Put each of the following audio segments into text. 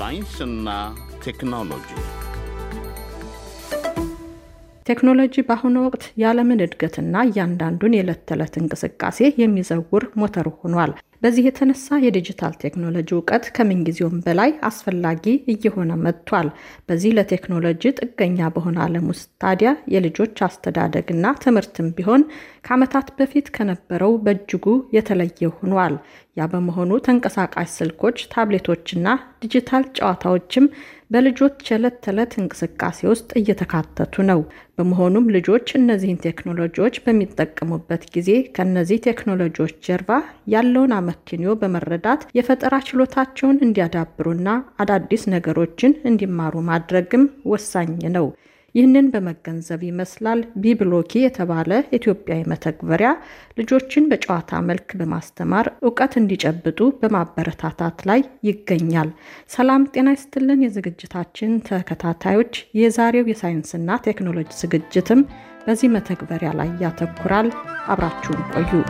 ሳይንስና ቴክኖሎጂ ቴክኖሎጂ በአሁኑ ወቅት የዓለምን እድገትና እያንዳንዱን የዕለት ተዕለት እንቅስቃሴ የሚዘውር ሞተር ሆኗል። በዚህ የተነሳ የዲጂታል ቴክኖሎጂ እውቀት ከምንጊዜውም በላይ አስፈላጊ እየሆነ መጥቷል። በዚህ ለቴክኖሎጂ ጥገኛ በሆነ ዓለም ውስጥ ታዲያ የልጆች አስተዳደግና ትምህርትም ቢሆን ከዓመታት በፊት ከነበረው በእጅጉ የተለየ ሆኗል። ያ በመሆኑ ተንቀሳቃሽ ስልኮች፣ ታብሌቶችና ዲጂታል ጨዋታዎችም በልጆች የዕለት ተዕለት እንቅስቃሴ ውስጥ እየተካተቱ ነው። በመሆኑም ልጆች እነዚህን ቴክኖሎጂዎች በሚጠቀሙበት ጊዜ ከእነዚህ ቴክኖሎጂዎች ጀርባ ያለውን አመክንዮ በመረዳት የፈጠራ ችሎታቸውን እንዲያዳብሩና አዳዲስ ነገሮችን እንዲማሩ ማድረግም ወሳኝ ነው። ይህንን በመገንዘብ ይመስላል ቢብሎኪ የተባለ ኢትዮጵያዊ መተግበሪያ ልጆችን በጨዋታ መልክ በማስተማር እውቀት እንዲጨብጡ በማበረታታት ላይ ይገኛል። ሰላም ጤና ይስትልን የዝግጅታችን ተከታታዮች፣ የዛሬው የሳይንስና ቴክኖሎጂ ዝግጅትም በዚህ መተግበሪያ ላይ ያተኩራል። አብራችሁን ቆዩ።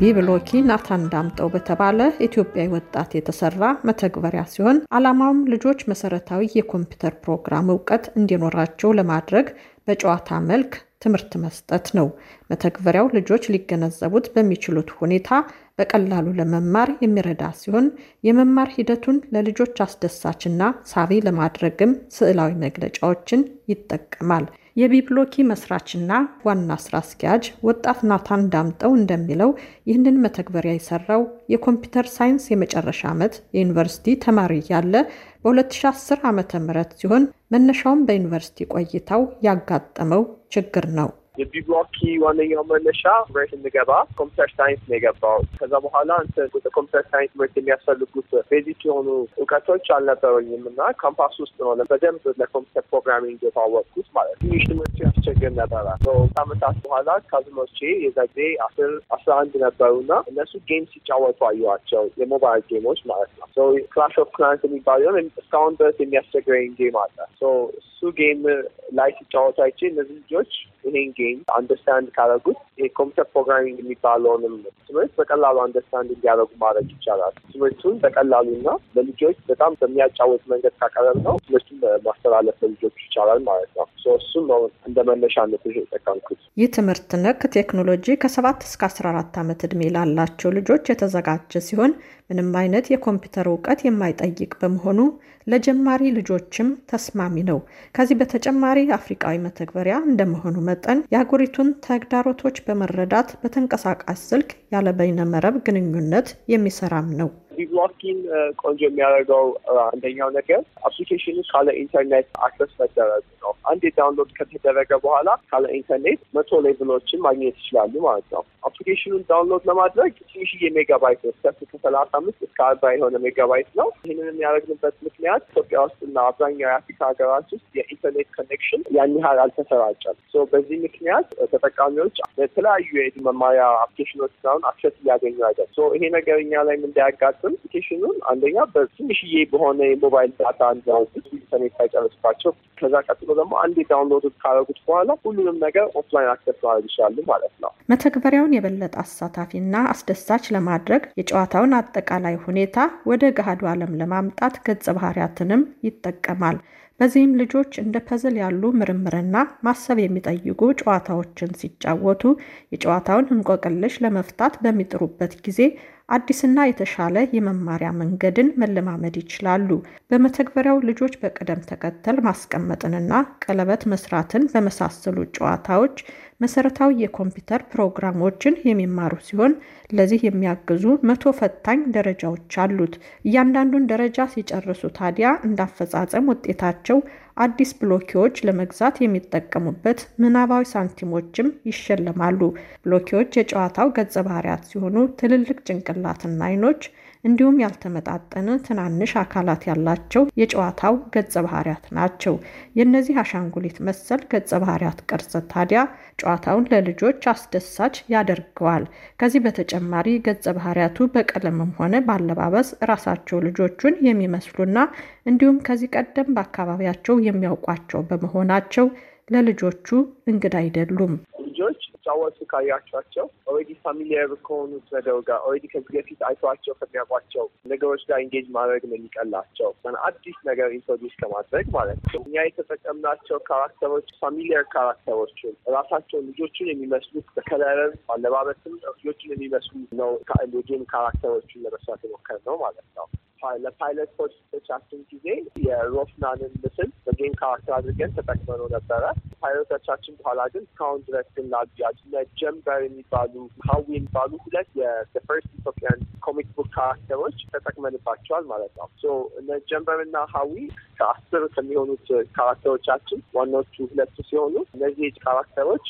ቢብሎኪ ናታን ዳምጠው በተባለ ኢትዮጵያዊ ወጣት የተሰራ መተግበሪያ ሲሆን ዓላማውም ልጆች መሰረታዊ የኮምፒውተር ፕሮግራም እውቀት እንዲኖራቸው ለማድረግ በጨዋታ መልክ ትምህርት መስጠት ነው። መተግበሪያው ልጆች ሊገነዘቡት በሚችሉት ሁኔታ በቀላሉ ለመማር የሚረዳ ሲሆን የመማር ሂደቱን ለልጆች አስደሳችና ሳቢ ለማድረግም ስዕላዊ መግለጫዎችን ይጠቀማል። የቢፕሎኪ መስራችና ዋና ስራ አስኪያጅ ወጣት ናታን ዳምጠው እንደሚለው ይህንን መተግበሪያ የሰራው የኮምፒውተር ሳይንስ የመጨረሻ ዓመት የዩኒቨርሲቲ ተማሪ ያለ በ2010 ዓ ም ሲሆን መነሻውም በዩኒቨርሲቲ ቆይታው ያጋጠመው ችግር ነው። የቢብሎኪ ዋነኛው መነሻ ምሬት እንገባ ኮምፒተር ሳይንስ ነው የገባው። ከዛ በኋላ እንትን ኮምፒተር ሳይንስ ምርት የሚያስፈልጉት ቤዚክ የሆኑ እውቀቶች አልነበረኝም እና ካምፓስ ውስጥ ነው በደንብ ለኮምፒተር ፕሮግራሚንግ የታወቅኩት ማለት ነው። ትንሽ ትምህርት ያስቸግር ነበረ። ከአመታት በኋላ ካዝኖቼ የዛ ጊዜ አስር አስራ አንድ ነበሩ እና እነሱ ጌም ሲጫወቱ አየኋቸው፣ የሞባይል ጌሞች ማለት ነው። ክላሽ ኦፍ ክላንስ የሚባለው እስካሁን ድረስ የሚያስቸግረኝ ጌም አለ ጌም ላይ ሲጫወቱ አይቼ እነዚህ ልጆች ይሄን ጌም አንደርስታንድ ካደረጉት ይሄ ፕሮግራሚንግ የሚባለውንም ትምህርት በቀላሉ አንደርስታንድ እንዲያደርጉ ማድረግ ይቻላል። ትምህርቱን በቀላሉና ለልጆች በጣም በሚያጫወት መንገድ ካቀረብ ነው ትምህርቱን ማስተላለፍ ለልጆች ይቻላል ማለት ነው። እሱም ነው እንደ መነሻነት የጠቀምኩት። ይህ ትምህርት ነክ ቴክኖሎጂ ከሰባት እስከ አስራ አራት ዓመት እድሜ ላላቸው ልጆች የተዘጋጀ ሲሆን ምንም አይነት የኮምፒውተር እውቀት የማይጠይቅ በመሆኑ ለጀማሪ ልጆችም ተስማሚ ነው። ከዚህ በተጨማሪ አፍሪቃዊ መተግበሪያ እንደመሆኑ መጠን የአህጉሪቱን ተግዳሮቶች በመረዳት በተንቀሳቃሽ ስልክ ያለ በይነመረብ ግንኙነት የሚሰራም ነው። ዲቭሎፕኪን uh, ቆንጆ የሚያደርገው uh, አንደኛው ነገር አፕሊኬሽኑ ካለ ኢንተርኔት አክሰስ መደረግ ነው። አንድ ዳውንሎድ ከተደረገ በኋላ ካለ ኢንተርኔት መቶ ሌቭሎችን ማግኘት ይችላሉ ማለት ነው። አፕሊኬሽኑን ዳውንሎድ ለማድረግ ትንሽ የሜጋባይት ነው። ከሰላሳ አምስት እስከ አርባ የሆነ ሜጋባይት ነው። ይህንን የሚያደርግንበት ምክንያት ኢትዮጵያ ውስጥና አብዛኛው የአፍሪካ ሀገራት ውስጥ የኢንተርኔት ኮኔክሽን ያን ያህል አልተሰራጨም። በዚህ ምክንያት uh, ተጠቃሚዎች የተለያዩ የመማሪያ አፕሊኬሽኖች አሁን አክሰስ እያገኙ አይደል። ይሄ ነገር እኛ ላይም እንዳያጋጥም አፕሊኬሽኑን አንደኛ በትንሽዬ በሆነ የሞባይል ዳታ እንዲያወጡ ኢንተርኔት ሳይጨርስባቸው፣ ከዛ ቀጥሎ ደግሞ አንዴ ዳውንሎድ ካረጉት በኋላ ሁሉንም ነገር ኦፍላይን አክሰስ ማድረግ ይችላሉ ማለት ነው። መተግበሪያውን የበለጠ አሳታፊና አስደሳች ለማድረግ የጨዋታውን አጠቃላይ ሁኔታ ወደ ገሃዱ ዓለም ለማምጣት ገጸ ባህሪያትንም ይጠቀማል። በዚህም ልጆች እንደ ፐዝል ያሉ ምርምርና ማሰብ የሚጠይቁ ጨዋታዎችን ሲጫወቱ የጨዋታውን እንቆቅልሽ ለመፍታት በሚጥሩበት ጊዜ አዲስና የተሻለ የመማሪያ መንገድን መለማመድ ይችላሉ። በመተግበሪያው ልጆች በቅደም ተከተል ማስቀመጥንና ቀለበት መስራትን በመሳሰሉ ጨዋታዎች መሰረታዊ የኮምፒውተር ፕሮግራሞችን የሚማሩ ሲሆን ለዚህ የሚያግዙ መቶ ፈታኝ ደረጃዎች አሉት። እያንዳንዱን ደረጃ ሲጨርሱ ታዲያ እንዳፈጻጸም ውጤታቸው አዲስ ብሎኬዎች ለመግዛት የሚጠቀሙበት ምናባዊ ሳንቲሞችም ይሸለማሉ። ብሎኬዎች የጨዋታው ገጸ ባህሪያት ሲሆኑ ትልልቅ ጭንቅላትና አይኖች እንዲሁም ያልተመጣጠነ ትናንሽ አካላት ያላቸው የጨዋታው ገጸ ባህሪያት ናቸው። የእነዚህ አሻንጉሊት መሰል ገጸ ባህሪያት ቅርጽ ታዲያ ጨዋታውን ለልጆች አስደሳች ያደርገዋል። ከዚህ በተጨማሪ ገጸ ባህሪያቱ በቀለምም ሆነ ባለባበስ ራሳቸው ልጆቹን የሚመስሉና እንዲሁም ከዚህ ቀደም በአካባቢያቸው የሚያውቋቸው በመሆናቸው ለልጆቹ እንግዳ አይደሉም። ሲጫወቱ ካያቸቸው ኦልሬዲ ፋሚሊየር ከሆኑት ነገር ጋር ኦልሬዲ ከዚህ በፊት አይተዋቸው ከሚያውቋቸው ነገሮች ጋር ኢንጌጅ ማድረግ ነው የሚቀላቸው። አዲስ ነገር ኢንትሮዲስ ከማድረግ ማለት ነው። እኛ የተጠቀምናቸው ካራክተሮች ፋሚሊየር ካራክተሮችን ራሳቸውን ልጆቹን የሚመስሉት በከለርም አለባበስም ልጆቹን የሚመስሉ ነው። ልጅን ካራክተሮችን ለመስራት የሞከር ነው ማለት ነው። ለፓይለቶች ቻችን ጊዜ የሮፍናንን ምስል በጌም ካራክተር አድርገን ተጠቅመነው ነበረ። ፓይለቶቻችን በኋላ ግን እስካሁን ድረስ ግን ለአብያጅ ጀምበር የሚባሉ ሀዊ የሚባሉ ሁለት የፈርስት ኢትዮጵያን ኮሚክ ቡክ ካራክተሮች ተጠቅመንባቸዋል ማለት ነው። እነ ጀምበር እና ሀዊ ከአስር ከሚሆኑት ካራክተሮቻችን ዋናዎቹ ሁለቱ ሲሆኑ እነዚህ ካራክተሮች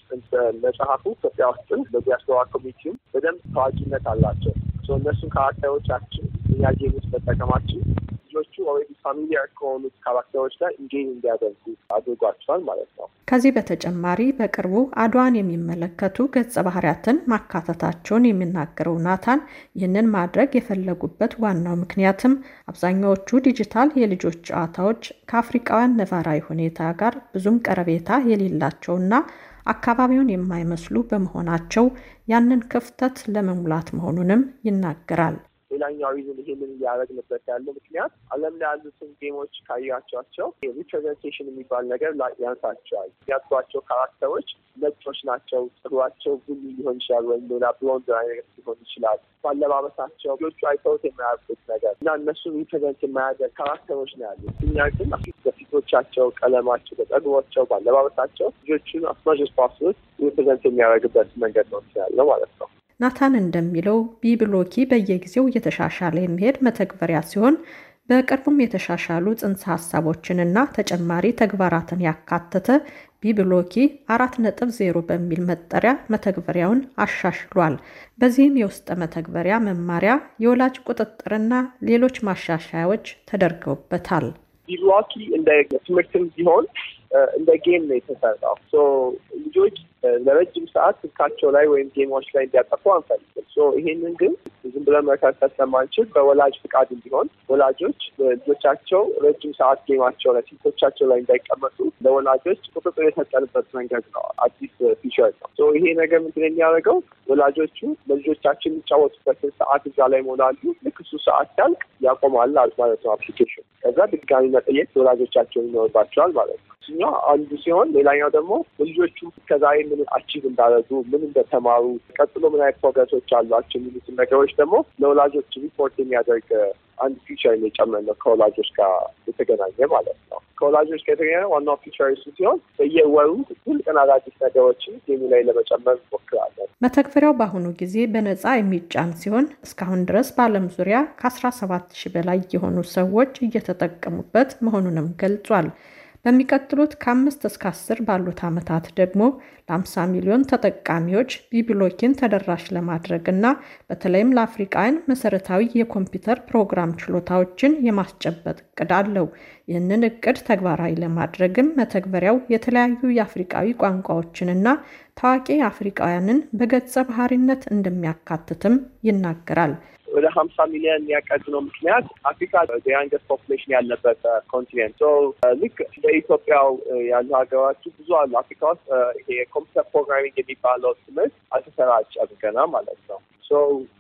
መጽሐፉ ኢትዮጵያ ውስጥም በዲያስፖራ ኮሚኒቲውም በደንብ ታዋቂነት አላቸው። እነሱን ካራክተሮቻችን እኛ ጌም መጠቀማችን ልጆቹ ኦልሬዲ ፋሚሊያር ከሆኑት ካራክተሮች ጋር እንጌጅ እንዲያደርጉ አድርጓቸዋል ማለት ነው። ከዚህ በተጨማሪ በቅርቡ አድዋን የሚመለከቱ ገጸ ባህሪያትን ማካተታቸውን የሚናገረው ናታን ይህንን ማድረግ የፈለጉበት ዋናው ምክንያትም አብዛኛዎቹ ዲጂታል የልጆች ጨዋታዎች ከአፍሪቃውያን ነባራዊ ሁኔታ ጋር ብዙም ቀረቤታ የሌላቸውና አካባቢውን የማይመስሉ በመሆናቸው ያንን ክፍተት ለመሙላት መሆኑንም ይናገራል። ሌላኛው ሪዝን ይሄንን እያደረግንበት ያለ ምክንያት ዓለም ላይ ያሉትን ጌሞች ካያቸቸው ሪፕሬዘንቴሽን የሚባል ነገር ያንሳቸዋል። ያሏቸው ካራክተሮች ነጮች ናቸው። ጥሯቸው ቡኒ ሊሆን ይችላል፣ ወይም ሌላ ብሮንዝ አይነት ሊሆን ይችላል። ባለባበሳቸው ሎቹ አይተውት የማያውቁት ነገር እና እነሱ ሪፕሬዘንት የማያደር ካራክተሮች ነው ያሉት። እኛ ግን በፊቶቻቸው፣ ቀለማቸው፣ በጸጉሯቸው፣ ባለባበሳቸው ልጆቹን አስማጅ ፓስሎች ሪፕሬዘንት የሚያደርግበት መንገድ ነው ያለው ማለት ነው። ናታን እንደሚለው ቢብሎኪ በየጊዜው እየተሻሻለ የሚሄድ መተግበሪያ ሲሆን በቅርቡም የተሻሻሉ ጽንሰ ሀሳቦችንና ተጨማሪ ተግባራትን ያካተተ ቢብሎኪ 4.0 በሚል መጠሪያ መተግበሪያውን አሻሽሏል። በዚህም የውስጥ መተግበሪያ መማሪያ፣ የወላጅ ቁጥጥርና ሌሎች ማሻሻያዎች ተደርገውበታል። ቢብሎኪ እንደ ትምህርትም ቢሆን እንደ ጌም ነው የተሰራው ልጆች ለረጅም ሰዓት ስልካቸው ላይ ወይም ጌሞች ላይ እንዲያጠፉ አንፈልግም። ይሄንን ግን ዝም ብለን መከልከል ስለማንችል በወላጅ ፍቃድ እንዲሆን ወላጆች ልጆቻቸው ረጅም ሰዓት ጌማቸው ላይ ስልኮቻቸው ላይ እንዳይቀመጡ ለወላጆች ቁጥጥር የሰጠንበት መንገድ ነው። አዲስ ፊቸር ነው ይሄ ነገር። ምንድን የሚያደርገው ወላጆቹ ለልጆቻቸው የሚጫወቱበትን ሰዓት እዛ ላይ ሞላሉ። ልክ እሱ ሰዓት ሲያልቅ ያቆማል ማለት ነው አፕሊኬሽን። ከዛ ድጋሚ መጠየቅ ወላጆቻቸውን ይኖርባቸዋል ማለት ነው። እኛ አንዱ ሲሆን ሌላኛው ደግሞ ልጆቹ ከዛሬ ምን አቺቭ እንዳደረጉ፣ ምን እንደተማሩ፣ ቀጥሎ ምን አይነት ፕሮግረሶች አሏቸው የሚሉትን ነገሮች ደግሞ ለወላጆች ሪፖርት የሚያደርግ አንድ ፊቸር እየጨመረ ነው። ከወላጆች ጋር የተገናኘ ማለት ነው። ከወላጆች ጋር የተገናኘ ዋናው ፊቸር እሱ ሲሆን በየወሩ ሁልቀን አዳዲስ ነገሮችን ጌሙ ላይ ለመጨመር እንሞክራለን። መተግበሪያው በአሁኑ ጊዜ በነጻ የሚጫን ሲሆን እስካሁን ድረስ በአለም ዙሪያ ከአስራ ሰባት ሺህ በላይ የሆኑ ሰዎች እየተጠቀሙበት መሆኑንም ገልጿል። በሚቀጥሉት ከአምስት እስከ አስር ባሉት ዓመታት ደግሞ ለ50 ሚሊዮን ተጠቃሚዎች ቢብሎኪን ተደራሽ ለማድረግ እና በተለይም ለአፍሪቃውያን መሰረታዊ የኮምፒውተር ፕሮግራም ችሎታዎችን የማስጨበጥ እቅድ አለው። ይህንን እቅድ ተግባራዊ ለማድረግም መተግበሪያው የተለያዩ የአፍሪቃዊ ቋንቋዎችንና ታዋቂ አፍሪቃውያንን በገጸ ባህሪነት እንደሚያካትትም ይናገራል። ወደ ሀምሳ ሚሊዮን የሚያቀድ ነው። ምክንያት አፍሪካ የያንገስ ፖፕሌሽን ያለበት ኮንቲኔንት uh, uh, ልክ በኢትዮጵያው uh, ያሉ ሀገሮች ብዙ አሉ። አፍሪካ ውስጥ ይሄ የኮምፒውተር ፕሮግራሚንግ የሚባለው ትምህርት አልተሰራጭ አድርገና ማለት ነው።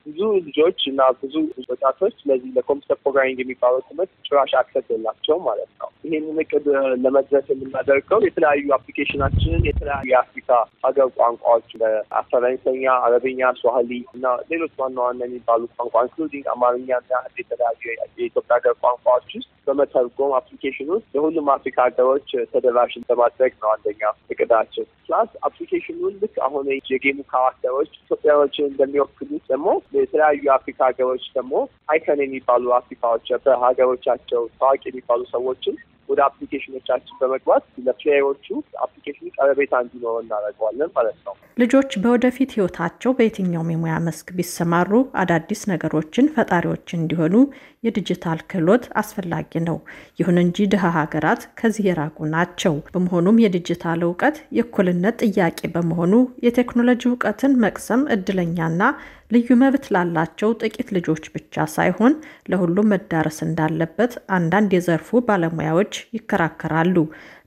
ብዙ ልጆች እና ብዙ ወጣቶች ለዚህ ለኮምፒውተር ፕሮግራሚንግ የሚባለው ትምህርት ጭራሽ አክሰስ የላቸው ማለት ነው። ይህንን እቅድ ለመድረስ የምናደርገው የተለያዩ አፕሊኬሽናችንን የተለያዩ የአፍሪካ ሀገር ቋንቋዎች በፈረንሰኛ፣ አረብኛ፣ ስዋሂሊ እና ሌሎች ዋና ዋና የሚባሉ ቋንቋ ኢንክሉዲንግ አማርኛና የተለያዩ የኢትዮጵያ ሀገር ቋንቋዎች ውስጥ በመተርጎም አፕሊኬሽን ውስጥ የሁሉም አፍሪካ ሀገሮች ተደራሽን በማድረግ ነው አንደኛ እቅዳችን። ፕላስ አፕሊኬሽኑን ልክ አሁን የጌሙ ካራክተሮች ኢትዮጵያዎችን እንደሚወክሉት ደግሞ የተለያዩ አፍሪካ ሀገሮች ደግሞ አይከን የሚባሉ አፍሪካዎች በሀገሮቻቸው ታዋቂ የሚባሉ ሰዎችን ወደ አፕሊኬሽኖቻችን በመግባት ለፕሌየሮቹ አፕሊኬሽን ቀረቤታ እንዲኖረው እናደርገዋለን ማለት ነው። ልጆች በወደፊት ህይወታቸው በየትኛውም የሙያ መስክ ቢሰማሩ አዳዲስ ነገሮችን ፈጣሪዎች እንዲሆኑ የዲጂታል ክህሎት አስፈላጊ ነው። ይሁን እንጂ ድሀ ሀገራት ከዚህ የራቁ ናቸው። በመሆኑም የዲጂታል እውቀት የእኩልነት ጥያቄ በመሆኑ የቴክኖሎጂ እውቀትን መቅሰም እድለኛና ልዩ መብት ላላቸው ጥቂት ልጆች ብቻ ሳይሆን ለሁሉም መዳረስ እንዳለበት አንዳንድ የዘርፉ ባለሙያዎች ይከራከራሉ።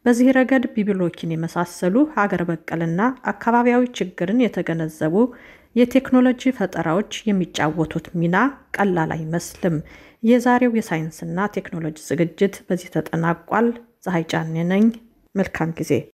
በዚህ ረገድ ቢብሎኪን የመሳሰሉ ሀገር በቀልና አካባቢያዊ ችግርን የተገነዘቡ የቴክኖሎጂ ፈጠራዎች የሚጫወቱት ሚና ቀላል አይመስልም። የዛሬው የሳይንስና ቴክኖሎጂ ዝግጅት በዚህ ተጠናቋል። ፀሐይ ጫኔ ነኝ። መልካም ጊዜ